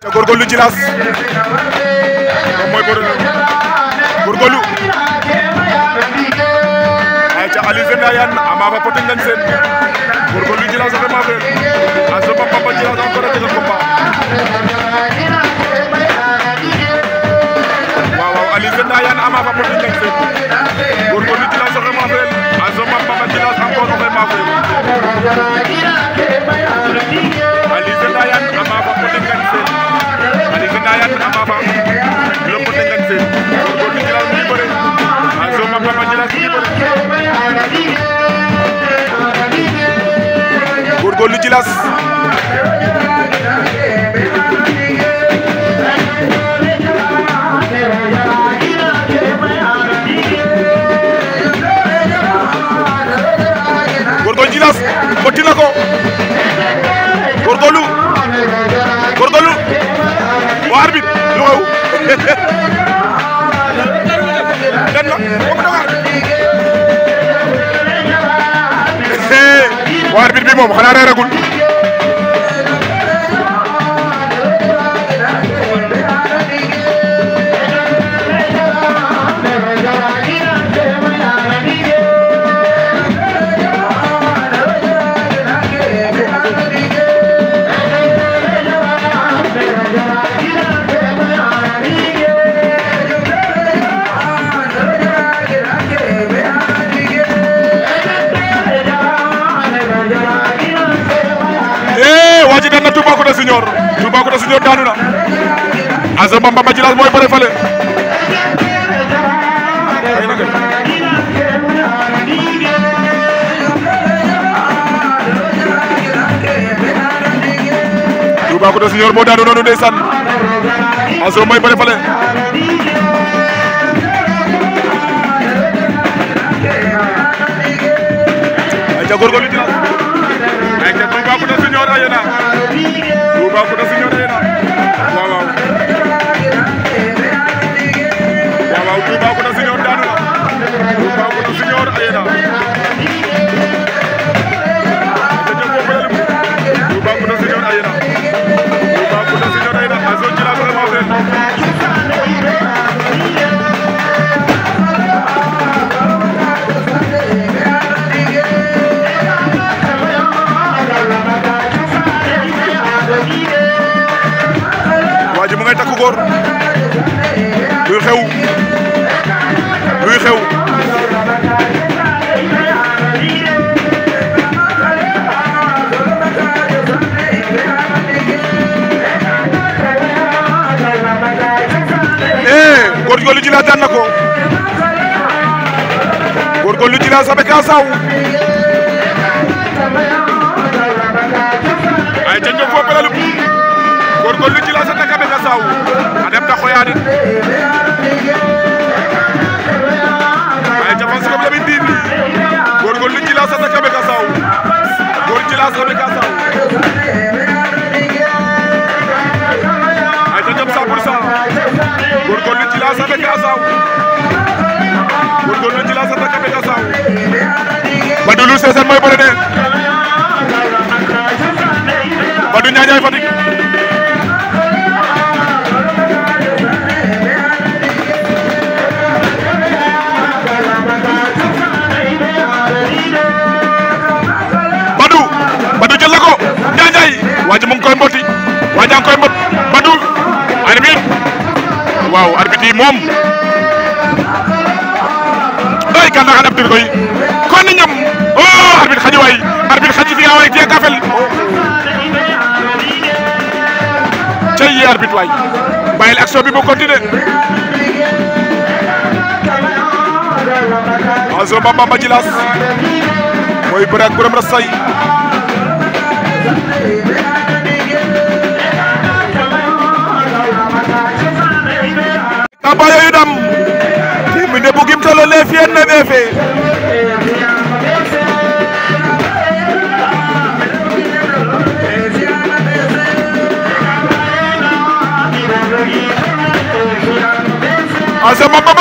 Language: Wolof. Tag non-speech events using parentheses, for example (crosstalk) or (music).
te góorgóorlu Djilass moom mooy a waaye ca Aliou ba poteñ lañ seen góorgóorlu Djilass vraiment a tegal combat ba poteñ lañ seen góorgóorlu Djilass vraiment frère à ba Djilass encore a Golou Djilass Gorgol Djilass bëtt lu (laughs) moom xanaa reeragul Tambacounda Junior daanu na Asa Bamba Majilas mooy bëre fale Tambacounda Junior moo daanu noonu mooy bëre fale ay ca góorgóorlu dina ay ca Tambacounda Junior xew luy xew Góorgóorlu Djila daan na ko Góorgóorlu Djila sabe ka ay ca ñoom fo palalu Góorgóorlu Djila sa takabe ka saw adem ta xoyanin waaye jafansi kam si diin gorgollu jilaas a sakabe ka saw gor saw ay ta jam sa saw gorgollu jilaas a sakabe ka saw kii moom ay kan ndax adapté koy ni ñam oh arbitre xaji waay arbitre xaji fi nga waay tiye kafel cey arbitre waay bàyyil action bi bu continuer azo bamba jilas mooy bëre ak borom rasay de más.